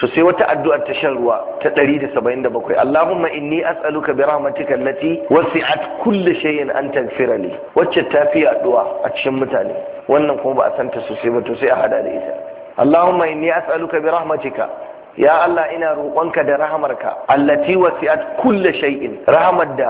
to sai wata addu'ar ta shan ruwa ta 177 Allahumma inni as'aluka bi rahmatika allati wasi'at kulli shay'in an taghfira li wacce ta fi addu'a a cikin mutane wannan kuma ba a san ta sosai ba to sai a hada da ita Allahumma inni as'aluka bi rahmatika ya Allah ina roƙonka da ka. allati wasi'at kulli shay'in rahmar da